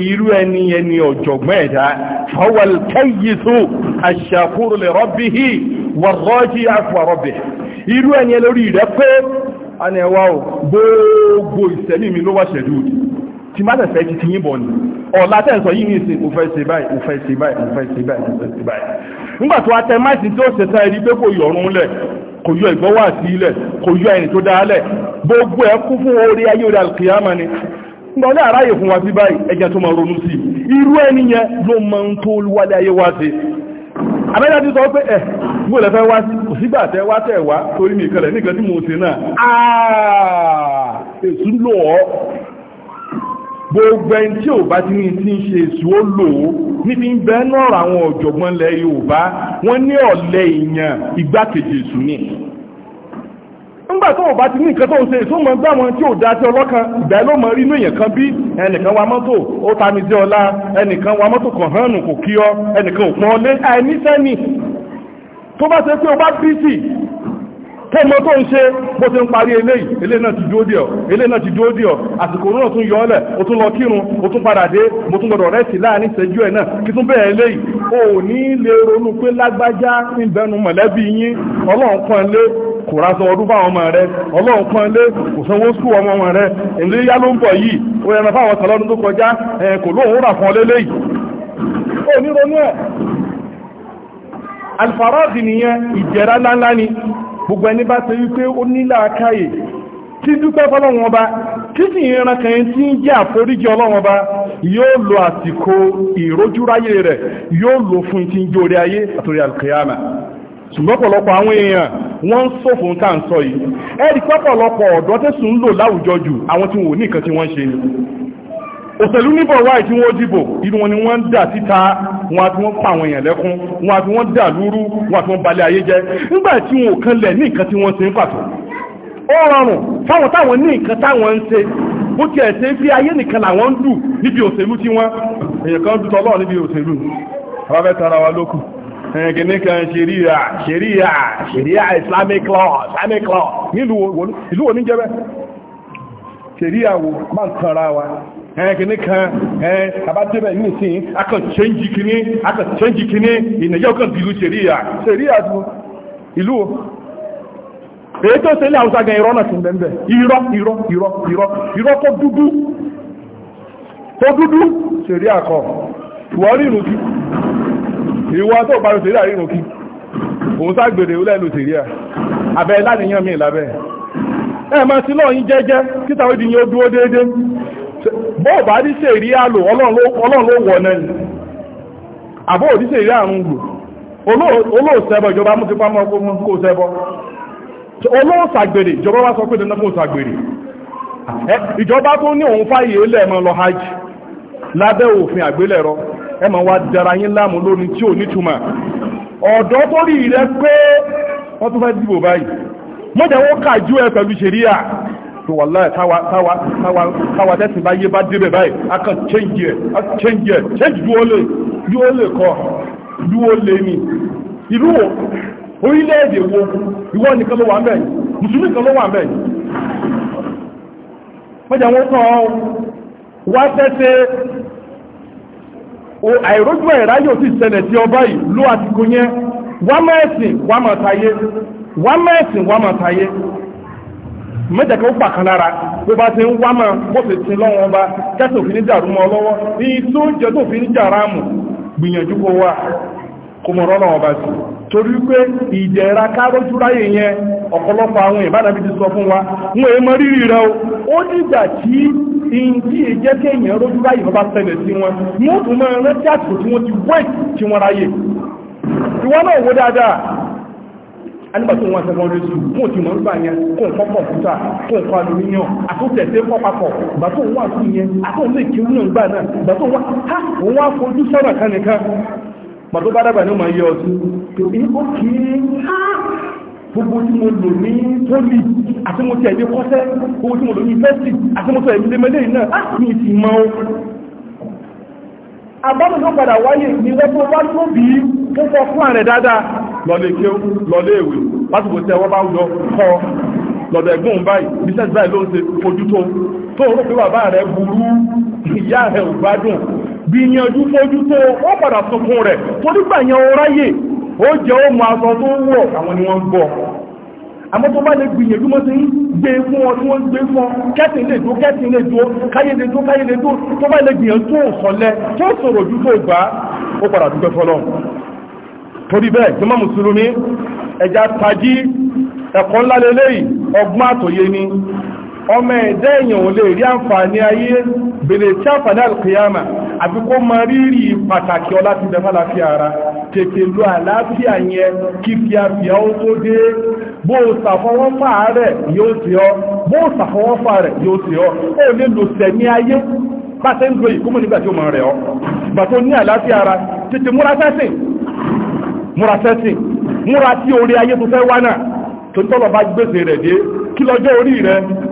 irú ẹni ẹni ọ̀jọ̀gbọ́n ẹ̀dá fawal kayyisu ash-shakuru li rabbihi wọ̀rọ́jì àfọ̀rọ̀bẹ̀ irú ẹni lórí rẹ̀ pé a ní ẹwà ò gbogbo ìsẹ̀mí mi ló wà ṣẹ̀dú ti má tẹ̀fẹ́ ti tiyín bọ̀ ní ọ̀la tẹ́ǹsọ yìí ní ìsìn òfẹ́ ṣe báyìí òfẹ́ ṣe báyìí òfẹ́ ṣe báyìí òfẹ́ ṣe báyìí nígbà tó atẹ máìsì tó ṣe tá ẹni pé kò yọ ọrùn lẹ̀ kò yọ ìgbọ́wọ́ àti ilẹ̀ kò yọ ẹni tó dáálẹ̀ gbogbo ẹ kú fún orí ayé orí alkiyama ni gbọ́lẹ̀ àráyè fún wa sí báyìí ẹjẹ́ tó máa ronú sí irú ẹni yẹn ló máa ń tó wálé ayé wá sí abẹ́lá ti sọ pé ẹ̀ gbọ́ lẹ́fẹ́ wá sí òsígbà tẹ́ wá tẹ́ wá torí mi ìkẹlẹ̀ nígbà tí mo ṣe náà àà èsù lò ọ́ gbogbo ẹni tí ò bá ti ní tí ń ṣe èsù ó lò ó níbi ń bẹ́ nọ́ọ̀rọ̀ àwọn ọ̀jọ̀gbọ́n lẹ Yorùbá wọ́n ní ọ̀lẹ èèyàn igbákejì èsù ni nígbà tó ò bá ti ní nǹkan tó ń ṣe èso mọ̀ gbá wọn tí ò dá sí ọlọ́kan ìgbà ló mọ̀ rí inú èèyàn kan bí ẹnìkan wa mọ́tò ó tami ọlá ẹnìkan wa mọ́tò kan hànù kò kí ọ ẹnìkan ò pọ́n lé àìníṣẹ́ ni tó bá ṣe pé o bá bíìsì tẹ́mọ tó ń ṣe bó ti ń parí eléyìí eléyìí náà ti dúó díọ̀ náà ti dúó àsìkò náà tún yọ ọ́lẹ̀ o tún lọ kírun o tún padà dé mo tún gbọdọ̀ rẹ́sì láàrin ìṣẹ́jú ẹ̀ náà kí tún bẹ́ẹ̀ eléyìí o ní lè ronú pé lágbájá ń bẹnu mọ̀lẹ́bí yín ọlọ́run kan lé kò rásọ ọdún fáwọn ọmọ rẹ ọlọ́run kan lé kò sanwó skul ọmọ ọmọ rẹ èlé yá ló ń bọ̀ yìí o ní alfarọ́ọ̀dì nìyẹn ìjẹ̀rá ńláńlá ni gbogbo ẹni bá ṣe wípé ó nílà káyè tí dúpẹ́ fọ́lọ́wọ́n ọba kí sì ìran kan tí ń jẹ́ àforíjì ọlọ́wọ́n ọba yóò lo àsìkò ìrójúráyè rẹ̀ yóò lo fún ti ń jórí ayé àtòrí alkiyama ṣùgbọ́n pọ̀lọpọ̀ àwọn èèyàn wọ́n ń sòfò ń tàà ń sọ yìí ẹ̀rí pọ́pọ̀lọpọ̀ ọ̀dọ́ ń lò láwùjọ jù àwọn tí wọ́n ní nǹkan tí wọ́n ṣe ni òṣèlú níbọ̀ wáyé tí wọ́n dìbò inú wọn ni wọ́n ń dà síta wọn àti wọ́n pa àwọn èèyàn lẹ́kún wọn àti wọ́n dà lúrú wọn àti wọ́n balẹ̀ ayé jẹ́ nígbà tí wọn ò kanlẹ̀ ní nǹkan tí wọ́n ṣe ń pàtó ó rọrùn fáwọn táwọn ní nǹkan táwọn ń ṣe bó ti ẹ̀ ṣe fi ayé nìkan làwọn ń dù níbi òṣèlú tí wọ́n èèyàn kan dùtọ̀ lọ́ọ̀ níbi òṣèlú abáfẹ́ tara wa lókù ẹ̀yẹ̀kìní islamic law islamic law nílùú ìlú oníjẹ́bẹ̀ ṣeríà wo máa ń tanra wa ẹ̀kìní eh, kan àbájẹ́bẹ̀ ní ìsìn akọ̀chẹ́njì kìíní akọ̀chẹ́njì kìíní ìnàyẹ́ ọkàn ìlú ṣeríyà ṣeríyà tó ìlú èyí tó ṣe àwọn agan irọ́ náà ti ń bẹ̀m̀bẹ̀ irọ́ irọ́ irọ́ irọ́ irọ́ tó dúdú tó dúdú ṣeríyà kọ wọ́n rí ìrùkí ìwọ́ tó òun ságbèrè ó bọ́ọ̀ bá ní sèrí àlò ọlọ́run ló ni àbọ̀ òdí sèrí àrùn gbò olóòsẹ́bọ̀ ìjọba mú ti pamọ́ kó sẹ́bọ̀ olóòsàgbèrè ìjọba wá sọ pé dandan kó ìjọba tó ní òun fáyé ilẹ̀ ẹ̀mọ́ lọ hajj lábẹ́ òfin àgbélẹ̀rọ ẹ̀mọ́ wá dára yín láàmú lórí tí ò nítumọ̀ ọ̀dọ́ tó rí pé wọ́n tún fẹ́ dìbò báyìí mọ́jà wọ́n tó wà láì táwa tẹ́sìn bá yé bá débẹ̀ báyìí a kàn change ẹ̀ a change ẹ̀ change dúó lè dúó lè kọ dúó lè ní ìlú wo orílẹ̀-èdè wo ìwọ nìkan ló wà ń bẹ̀ yìí mùsùlùmí kan ló wà ń bẹ̀ yìí wọ́n tán wá tẹ́sẹ̀ o àìrójú ẹ̀rá yóò ti ṣẹlẹ̀ sí ọba yìí ló àtìkò yẹn wá mẹ́sìn wá mọ̀ táyé wá mẹ́sìn wá mọ̀ táyé mẹ́jẹ̀kẹ́ ó kan lára bó bá ti ń wá máa bó ti ti lọ́wọ́ bá kẹ́sì òfin ní mọ́ lọ́wọ́ ní tó jẹ́ tó fi ní jàrámù gbìyànjú kó wà kó mọ̀ rọ́lọ́wọ́ bá sí torí pé ìjẹ̀ra kárójú sọ fún wa wọn è mọ rírì rẹ ó dìgbà tí rójú ráyè bá sí wọn tún mọ́ àtìkò tí wọ́n ti tí nígbà tó wọn sẹ́kọ̀ọ́dé sùn mú ti mọ̀ nígbà yẹn kó nǹkan kọ̀ǹpútà kó nǹkan aluminium àtúntẹ̀sẹ̀ kọ́ papọ̀ ìgbà tó wà sí yẹn àtúntò ìkírú náà gbà náà ìgbà tó wà á òun wá fojú sọ́nà kan nìkan ìgbà tó bá dàgbà ní ọmọ yẹ ọtí tó ní ó kì í gbogbo tí mo lò ní poli àti mo tẹ̀lé kọ́sẹ́ gbogbo tí mo lò ní fẹ́sì àti mo tẹ̀lé mẹ́lẹ́ náà á mi ti mọ́ agbọ́nù tó padà wáyé ní wọ́n tó wá tó bí ó sọ fún ààrẹ dáadáa lọ́lẹ̀ kí ó lọ́lẹ̀ èwè lásìkò tẹ́ wọ́n bá ń lọ kọ́ lọ́dọ̀ ẹ̀gbọ́n báyìí bíṣẹ́sì báyìí ló ń ṣe ojú tó tó rò pé bàbá rẹ̀ burú ìyá rẹ̀ ò gbádùn bí yanjú fojú tó ó padà sunkún rẹ̀ torípà yan ó ráyè ó jẹ́ ó mọ aṣọ tó wọ̀ àwọn ni wọ́n ń gbọ́ àmọ́ tó bá lè gbìyànjú mọ́ sí ń gbé fún ọ tí wọ́n ń gbé fún ọ kẹ́sìn lè dúó kẹ́sìn lè dúó káyé lè dúó káyé lè dúó tó bá lè gbìyànjú tó sọlẹ̀ tó sọ̀rọ̀ ju tó gbà ó padà dúpẹ́ fọlọ́ torí bẹ́ẹ̀ jọmọ́ mùsùlùmí ẹja tají ẹ̀kọ́ ńlá lélẹ́yìí ọgbọ́n àtòyé ni ọmọ ẹ̀dẹ́ èèyàn ò lè rí àǹfààní ayé bèèrè tí àǹfààní alkiyama àfi kó ma rírí pàtàkì ọlá ti dẹ̀fà láfíà ara tètè lo àlàáfíà yẹn kí fi àfíà ó tó dé bó o sàfọwọ́fà rẹ̀ yóò sí ọ bó o sàfọwọ́fà rẹ̀ yóò sí ọ ó lè lò sẹ̀mí ayé bá tẹ́ ń gbé ìkúmọ̀ nígbà ó mọ̀ rẹ̀ ọ bà tó ní àlàáfíà ara tètè múra sẹ́sìn múra sẹ́sìn múra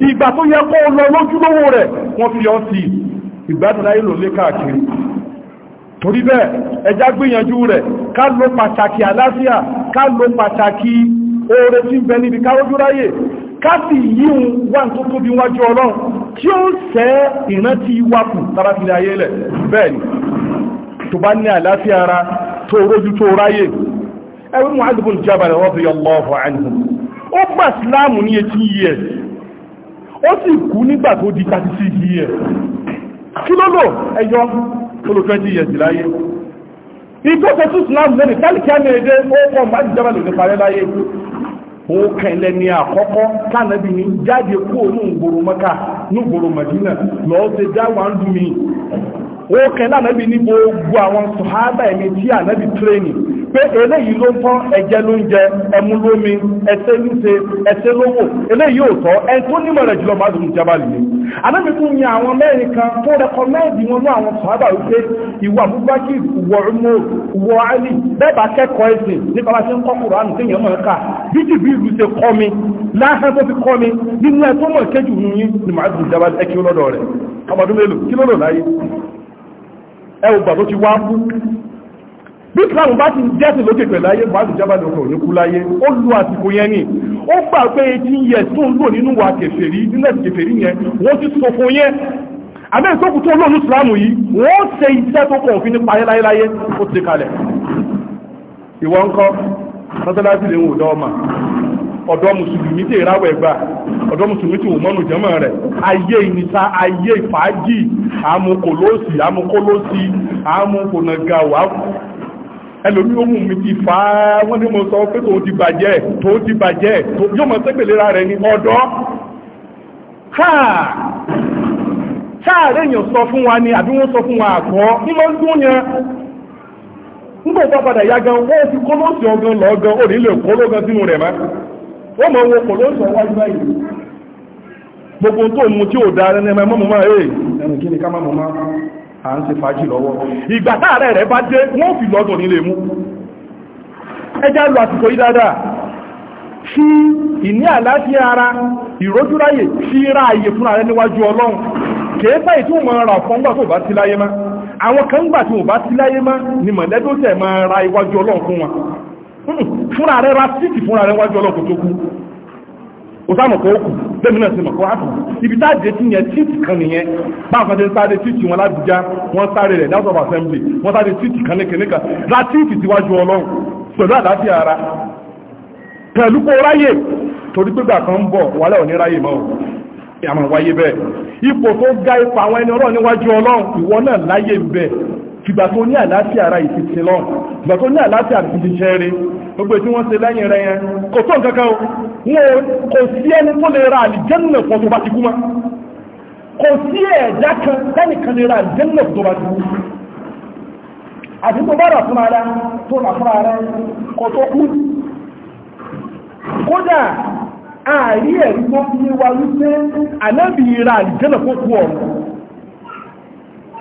ìgbà tó yẹ kó lọ lójúlówó rẹ̀ wọ́n fi ọ́ sí ìgbádùn ayé lò lé káàkiri torí bẹ́ẹ̀ ẹjá gbìyànjú rẹ̀ ká lo pàtàkì àlàáfíà ká lo pàtàkì oore tí ń bẹ níbi kárójú ráyè ká sì yíhun wà tó tóbi wájú ọlọ́run tí ó sẹ́ ìrántí wákù tàbátìlẹ̀ ayé lẹ̀ bẹ́ẹ̀ ni tó bá ní àlàáfíà ara tó rójú tó ráyè ẹwọ́n mọ́ ó sì kú nígbà tó di 36 years kí ló lò ẹyọ olù 20 years láyé ìjọ tẹ́tù islam lẹ́nu tálíkì àmì èdè ó kọ́ máa jẹ́bà lè láyé ó kẹlẹ̀ ní àkọ́kọ́ tánàbí ní jáde kúrò ní ní Mẹ́dínà lọ́ọ́ ó kẹ lánàbí ní gbogbo àwọn sọ̀hábà ẹ̀mí tí ànábì tírénì pé eléyìí ló ń tán ẹ̀jẹ̀ ló ń jẹ ẹmu lómi ẹsẹ̀ níṣe ẹsẹ̀ lówó eléyìí ò tọ́ ẹ tó nímọ̀ rẹ̀ jùlọ máa dùn jábà lè ànábì tún yan àwọn mẹ́rin kan tó rẹkọmẹ́ẹ̀dì wọn ní àwọn sọ̀hábà wípé ìwọ Abubakar ìwọ ọmọ ìwọ Ali bẹ́ẹ̀bà kẹ́kọ̀ọ́ ẹ̀sìn nípa bá ṣe ń kọ́kùrọ̀ àmì téèyàn mọ̀ ká bíjì bí ìlú ṣe kọ́ mi láhán tó fi kọ́ mi nínú ẹ tó mọ̀ kéjù yín ni màá dùn jábà ẹkí lọ́dọ̀ rẹ̀ ọmọdún mélòó kí ló láyé ẹwùgbà tó ti wá kú bí islam bá ti jẹ́sìn lókè pẹ̀lú ayé bá ti jábá lókè òní kú láyé ó lu àsìkò yẹn ni ó gbà pé eighteen years tó ń lò nínú wa kèfèrí nínú ẹ̀sìn kèfèrí yẹn wọ́n ti sọ fún yẹn àbẹ́ ìsókù tó lónú islam yìí wọ́n ṣe iṣẹ́ tó kàn fi nípa ayé láyéláyé ó ti kalẹ̀ ìwọ ńkọ́ mọ́tálásí lè ń wò lọ́ọ́mà ọ̀dọ́ mùsùlùmí tí ìráwẹ̀ gbà ọ̀dọ́ mùsùlùmí tí òmọ́nù jẹ́mọ̀ rẹ̀ ayé ìnisa ayé ìfàájì àmukòlóòsì àmukòlóòsì àmukònàgàwà ẹlòmí ohun mi ti fà á wọ́n ní mo sọ pé tó ti bàjẹ́ tó ti bàjẹ́ yóò mọ̀ sẹ́gbẹ̀lera rẹ̀ ní ọ̀dọ́ sáàrẹ̀ èèyàn sọ fún wa ni àbí wọ́n sọ fún wa àkọ́ ní mọ́ ń dún yẹn nígbà ìpápadà yá gan wọ́n fi kọ́lọ́sì ọgán lọ́gán orílẹ̀ kọ́lọ́gán sínú rẹ̀ máa wọ́n mọ̀ wọn kò lóòsàn wájú báyìí gbogbo tó mú tí ò dára ní ẹmọ mọ́ ẹ̀ ẹ̀rùn kí ni ká mọ́ máa à ń ṣe fàájì lọ́wọ́ ìgbà táàrẹ̀ rẹ̀ bá dé wọ́n fi lọ́dọ̀ nílé mú ẹjá lọ àsìkò yí dáadáa fi ìní àlàáfíà ara ìrójúráyè fi ra àyè fún ààrẹ níwájú ọlọ́run kèé fẹ́ ìtún mọ̀ ra fún gbà tó bá ti láyé má àwọn kan gbà tí wọ́n bá ti láyé má ni mọ̀lẹ́dọ́sẹ̀ máa ra iwájú ọlọ́run fún wọn fúnra rẹ̀ ra síìtì fúnra rẹ̀ wájú ọlọ́kùn tó kú ó sáàmù kọ́ òkú tẹ́mìnà sí mọ̀kọ́ àtù ibi táàdé tí yẹn tíìtì kan nìyẹn báwọn tẹ́ sáré tíìtì wọn lábújá wọ́n sáré rẹ̀ dáàbò assembly wọ́n sáré tíìtì kan ní kìnníkà ra tíìtì síwájú ọlọ́run pẹ̀lú àdáfíà ara pẹ̀lú kó ráyè torí fìgbà tó ní àlàáfíà ara ìfìsìn lọ ìgbà tó ní àlàáfíà ìfìsìn rẹ gbogbo tí wọ́n ṣe lẹ́yìn rẹ̀ yẹn kò tó nǹkan kan wọn kò sí ẹni tó lè ra àlìjẹ́nà fún tó bá ti kú mọ́ kò sí ẹ̀dá kan lẹ́nìkan lè ra àlìjẹ́nà fún tó bá ti kú àti tó bá rà fún ara tó rà fún ara kò tó kú kódà ààrí ẹ̀rí tó fi wá wípé ànábì ra àlìjẹ́nà fún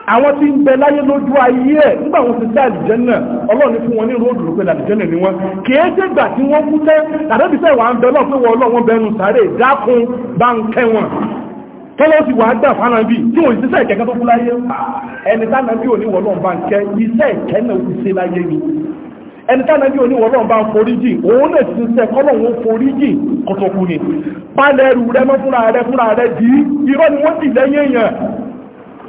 àwọn tí ń bẹ láyé lójú ayé ẹ̀ nígbà wọn ti dá àlìjẹ́nà ọlọ́run fún wọn ní ròdù pé àlìjẹ́nà ni wọn kìí ṣe gbà tí wọ́n kú tẹ́ tàbí sẹ́ wà ń bẹ lọ́pẹ́ wọ ọlọ́run bẹnu sáré dákun bá ń kẹ́ wọn tọ́lọ́ sì wà á dà fún anábì tí wọ́n ti sẹ́ẹ̀kẹ́ kan tó kú láyé ẹni tánàbí ò ní wọ́lọ́run bá ń kẹ́ iṣẹ́ ìkẹ́ náà ti ṣe láyé ni ẹni tánàbí ò ní wọ́lọ́run bá ń forí jì òun náà ti sẹ́ kọ́lọ́run ó forí jì kọ́tọ́kù ni pálẹ̀ ẹrù rẹ mọ́ fúnra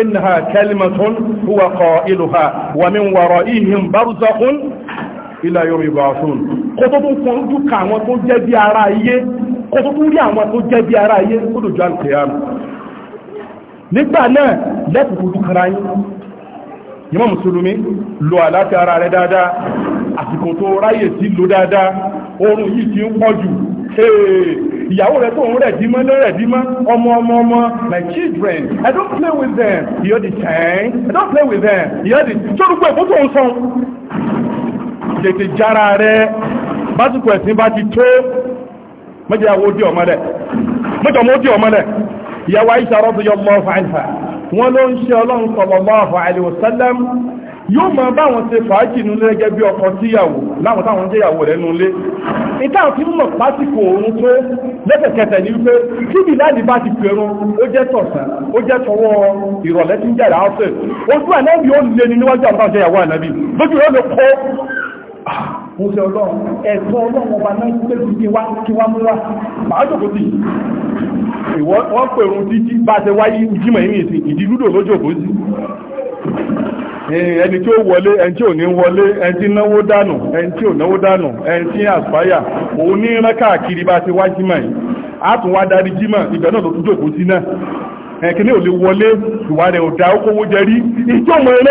إنها كلمة هو قائلها ومن ورائهم برزخ إلى يوم يبعثون kótótó fún ojú ka àwọn tó jẹ́ bí ara ayé kótótó rí àwọn tó jẹ́ bí ara ayé ó lòjọ́ alkiyam nígbà náà lẹ́kùnkùn ojú kara yí ìmọ̀ mùsùlùmí lo àláti ara rẹ̀ dáadáa àsìkò tó ráyè sí lo dáadáa oorun yìí ti ń pọ̀ jù ìyàwó rẹ tó ń rẹ̀ dímọ́ ló rẹ̀ dímọ́ ọmọ ọmọ ọmọ my children I don't play with them you're the child I don't play with them you're the sórúkọ ẹ̀kọ́ tó ń sàn tètè jára rẹ básìkò ẹ̀sìn bá ti tó mẹ́jọ àwọn òdì ọmọlẹ̀ mẹ́jọ ọmọ òdì ọmọlẹ̀ ìyàwó Aisha radiyallahu anha wọ́n ló ń ṣe ọlọ́run sallallahu alaihi wasallam yóò máa báwọn ṣe fàájì nulẹ̀ gẹ́gẹ́ bí ọkọ síyàwó láwọn táwọn jẹ́yàwó rẹ̀ nulẹ̀ ìta àti mọ̀ pásìkò òun tó lẹ́sẹ̀kẹsẹ̀ ní wípé tí bìláàlì bá ti pẹ̀rún ó jẹ́ tọ̀sán ó jẹ́ tọwọ́ ìrọ̀lẹ́ tí ń jẹ́ra ọ́sẹ̀ ojú ànábì ó lè ní níwájú àwọn ọjọ́ ìyàwó ànábì lójú rẹ̀ ló kọ́ ah, mo ṣe ọlọ́run ẹ̀tọ́ ọlọ́run ọba náà pé kí wá kí wá mú wá màá jòkó sí ìwọ́n pèrún títí bá ṣe wáyé jímọ̀ yìí nìsín ìdí lúdò lójòkó sí Eh, ẹni tí ó wọlé ẹni tí ò ní wọlé ẹni tí náwó dànù ẹni tí ò náwó dànù ẹni tí àspáyà òun ní rán káàkiri bá ti wá jímọ̀ yìí àtún wá darí jímọ̀ ibẹ̀ náà tó tún jòkó sí náà ò lè wọlé ìwà rẹ̀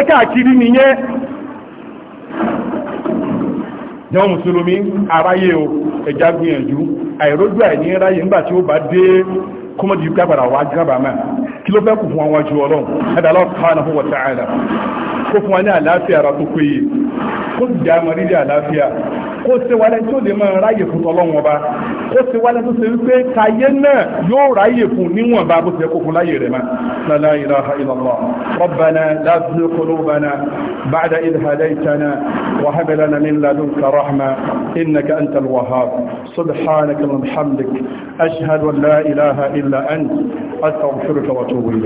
káàkiri nìyẹn mùsùlùmí aráyé o ẹja gbìyànjú àìrójú àìní ráyè ńgbà tí ó bá dé kọmọdé yìí kábàrà wá kí ló fẹ́ kù fún àwọn ju ọlọ́run kó fún wa ní àlàáfíà ara tó péye kó sì jẹ́ àmọ́ rírì àlàáfíà kó ṣe wálẹ̀ tó lè máa ráyè fún tọ́lọ́wọ́n ba kó ṣe wálẹ̀ tó ṣe wípé tayé náà yóò ráyè fún níwọ̀nba bó ṣe kó fún láyè rẹ̀ máa la ilaha illallah rabbana la tuzigh qulubana ba'da idh hadaytana wa hab lana min ladunka rahma innaka antal wahhab subhanaka wa bihamdik ashhadu an la ilaha illa ant astaghfiruka wa atubu ilayk